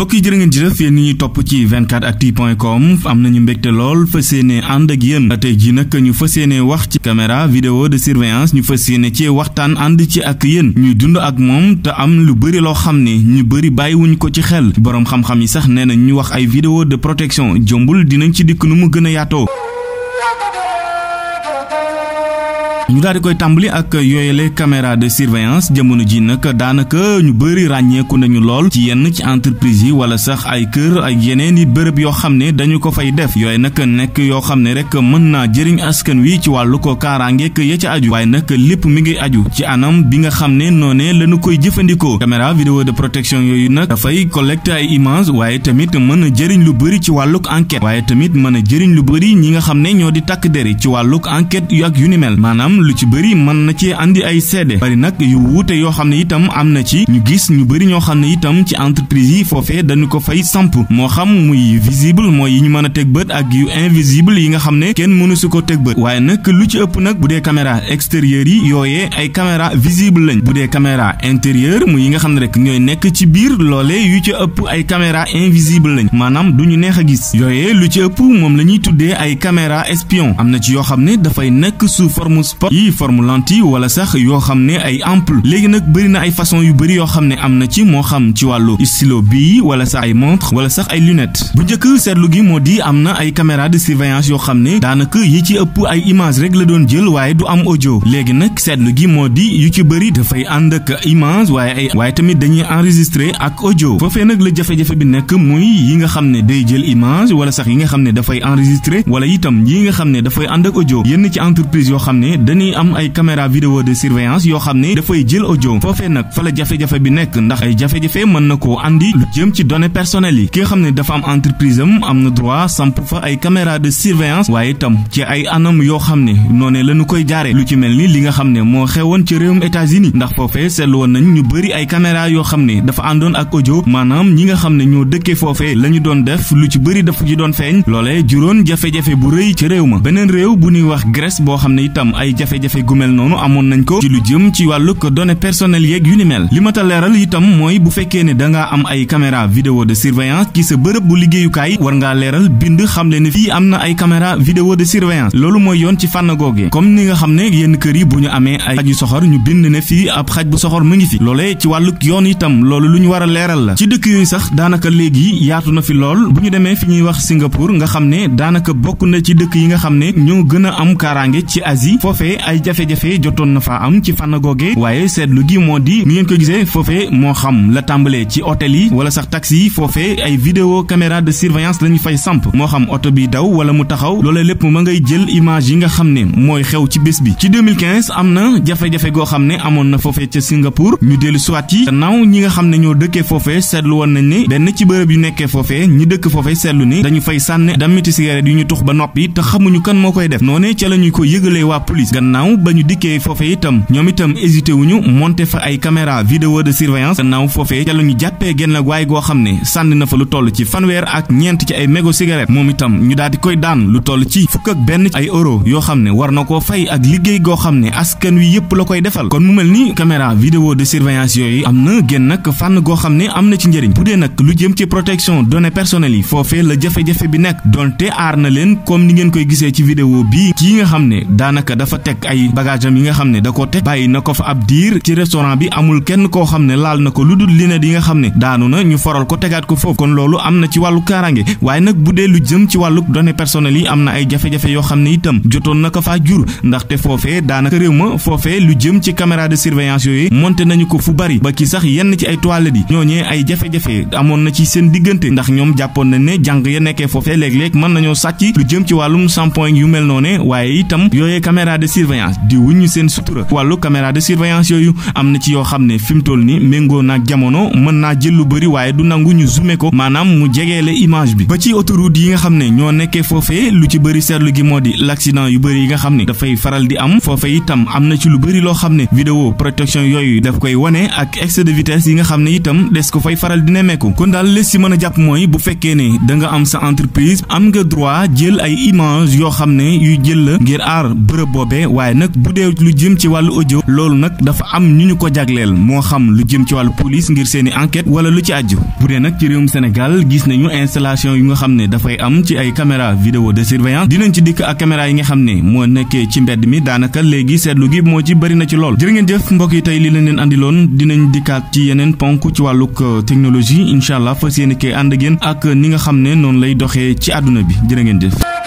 mbokk yi jërë ngeen jëf yéen ñi topp ci 24 actu point com am nañu mbégte lool fas yéene ànd ak yéen tey jii nag ñu fas yéene wax ci caméra vidéo de surveillance ñu fas yéene ci waxtaan ànd ci ak yéen ñu dund ak moom te am lu bëri loo xam ne ñu bëri bàyyiwuñ ko ci xel boroom xam-xam yi sax nee na ñu wax ay vidéo de protection jombul dinañ ci dikk nu mu gën a yaatoo ñu daal di koy tàmbali ak yooyale caméra de surveillance jamono ji nag daanaka ñu bëri ràññeeku nañu lool ci yenn ci entreprise yi wala sax ay kër ak yeneen i bërëb yoo xam ne dañu ko fay def yooyu nag nekk yoo xam ne rek mën naa jëriñ askan wi ci wàllu ko kaaraangeek ya ca aju waaye nag lépp mi ngi aju ci anam bi nga xam ne noonee lañu koy jëfandikoo caméra vidéo de protection yooyu nag dafay collecter ay image waaye tamit mën a jëriñ lu bëri ci wàlluk enquête waaye tamit mën a jëriñ lu bëri ñi nga xam ne ñoo di takk deri ci wàlluk enquête yu ak yu ni itam lu ci bëri mën na ci indi ay seede bari nag yu wuute yoo xam ne itam am na ci ñu gis ñu bëri ñoo xam ne itam ci entreprise yi foofe dañu ko fay samp moo xam muy visible mooy yi ñu mën a teg bët ak yu invisible yi nga xam ne kenn mënu su ko teg bët waaye nag lu ci ëpp nag bu dee caméra extérieure yi yooye ay caméra visible lañ bu dee caméra intérieur mu yi nga xam ne rek ñooy nekk ci biir loole yu ci ëpp ay caméra invisible lañ maanaam du ñu neex a gis yooyee lu ci ëpp moom la ñuy tuddee ay caméra espion am na yi forme lentille wala sax yoo xam ne ay ampoule léegi nag bëri na ay façon yu bëri yoo xam ne am na ci moo xam ci wàllu stylo bii wala sax ay montre wala sax ay lunettes bu njëkk seetlu gi moo di am na ay caméra de surveillance yoo xam ne daanaka yi ci ëpp ay image rek la doon jël waaye du am audio léegi nag seetlu gi moo di yu ci bëri dafay ànd ak image waaye ay waaye tamit dañuy enregistré ak ojo foofee nag la jafe-jafe bi nekk muy yi nga xam ne day jël image wala sax yi nga xam ne dafay enregistré wala itam yi nga xam ne dafay ànd ak yenn ci entreprise yoo xam ne dañuy am ay caméra vidéo de surveillance yoo xam ne dafay jël audio foofee nag fa la jafe-jafe bi nekk ndax ay jafe-jafe mën na koo andi lu jëm ci données personnelles yi ki nga xam ne dafa am entreprise am am na droit samp fa ay caméra de surveillance waaye tam ci ay anam yoo xam ne noonee lañu koy jaaree lu ci mel ni li nga xam ne moo xewoon ci réewum États-Unis ndax foofee seetlu woon ñu bëri ay caméra yoo xam ne dafa àndoon ak audio maanaam ñi nga xam ne ñoo dëkkee foofee la ñu doon def lu ci bëri dafa ci doon feeñ loolee juróon jafe-jafe bu jafe-jafe gu mel noonu amoon nañ ko ci lu jëm ci wàllug données personnelles yeeg yu ni mel li ma ta leeral itam mooy bu fekkee ne dangaa am ay caméra vidéo de surveillance ci sa bërëb bu liggéeyukaay war ngaa leeral bind xam le ne fii am na ay caméra vidéo de surveillance loolu mooy yoon ci fànn googee comme ni nga xam ne yenn kër yi bu ñu amee ay xaj soxor ñu bind ne fii ab xaj bu soxor mu ngi fi loole ci wàllug yoon itam loolu lu ñu war a leeral la ci dëkk yooyu sax daanaka léegi yaatu na fi bu ñu demee fi ñuy wax Singapour nga xam ne daanaka bokk na ci dëkk yi nga xam ne ñoo gën am kaaraange foofee ay jafe-jafe jotoon na faa am ci fànn waaye seetlu gi moo di nu ngeen ko gisee foofee moo xam la tàmbalee ci hôtel yi wala sax taxi yi foofee ay vidéo caméra de surveillance la fay samp moo xam oto bi daw wala mu taxaw loola lépp ma ngay jël image yi nga xam ne mooy xew ci bés bi ci 2015 am na jafe-jafe goo xam ne amoon na foofee ca Singapour ñu dellu siwaat yi gannaaw ñi nga xam ne ñoo dëkkee foofee seetlu woon na ni benn ci bërëb yu nekkee foofee ñi dëkk ni dañu fay sànne ba noppi te xamuñu kan moo koy def gannaaw ba ñu dikkee foofe itam ñoom itam hésité wuñu monté fa ay caméra vidéo de surveillance gannaaw foofe ca la ñu jàppee genn la ci fanweer ak ci ay mégo yoo xam ne war na koo fay ak goo xam ne askan wi yëpp la koy defal kon mu mel ni caméra vidéo de surveillance yooyu am na génn nag fànn goo xam na lu jëm ci protection données yi foofee la bi nekk donte aar na leen comme ni ngeen koy gisee ci vidéo bii kii nga xam ne daanaka dafa teg ay bagageam yi nga xam ne da ko teg bàyyi na ko fa ab diir ci restaurant bi amul kenn koo xam ne laal na ko lu dul linet yi nga xam ne daanu na ñu faral ko tegaat ko foofu kon loolu am na ci wàllu kaaraange waaye nag bu dee lu jëm ci wàllu données personnelles yi am na ay jafe-jafe yoo xam ne itam jotoon na ko faa jur ndaxte foofee daanaka réew ma foofee lu jëm ci caméra de surveillance yooyu monté nañu ko fu bari ba ki sax yenn ci ay toilettes yi ñooñee ay jafe-jafe amoon na ci seen diggante ndax ñoom jàppoon nañ ne jàng ya nekkee foofee léeg-léeg mën nañoo sàcc lu jëm ci wàllum sampoing yu mel noone surveillance di wuññi seen sutura wàllu caméra de surveillance yooyu am na ci yoo xam ne fi mu toll ni méngoo naag jamono mën naa jël lu bëri waaye du nangu ñu zoomé ko maanaam mu jegeele image bi ba ci autoroute yi nga xam ne ñoo nekkee foofee lu ci bëri seetlu gi moo di l'accident yu bëri yi nga xam ne dafay faral di am foofee itam am na ci lu bëri loo xam ne vidéo protection yooyu daf koy wane ak excès de vitesse yi nga xam ne itam des ko fay faral di nemmeeku kon daal a jàpp mooy bu fekkee ne da nga am sa entreprise am nga droit jël ay yoo xam ne yuy jël la ngir aar bërëb boobee waaye nag bu dee lu jëm ci wàllu audio loolu nag dafa am ñu ñu ko jagleel moo xam lu jëm ci wàllu police ngir seeni enquête wala lu ci àjju bu dee nag ci réewum Sénégal gis nañu installation yu nga xam ne dafay am ci ay caméra vidéo de surveillance dinañ ci dikk ak caméra yi nga xam ne moo nekkee ci mbedd mi daanaka léegi seetlu gi moo ci bari na ci lool jërë ngeen jëf mbokk yi tey li lañ neen andiloon dinañ dikkaat ci yeneen ponk ci wàllu euh, technologie incha allah yéene kee ànd ak ak ni nga xam ne noonu lay doxee ci àdduna bi jërë ngeen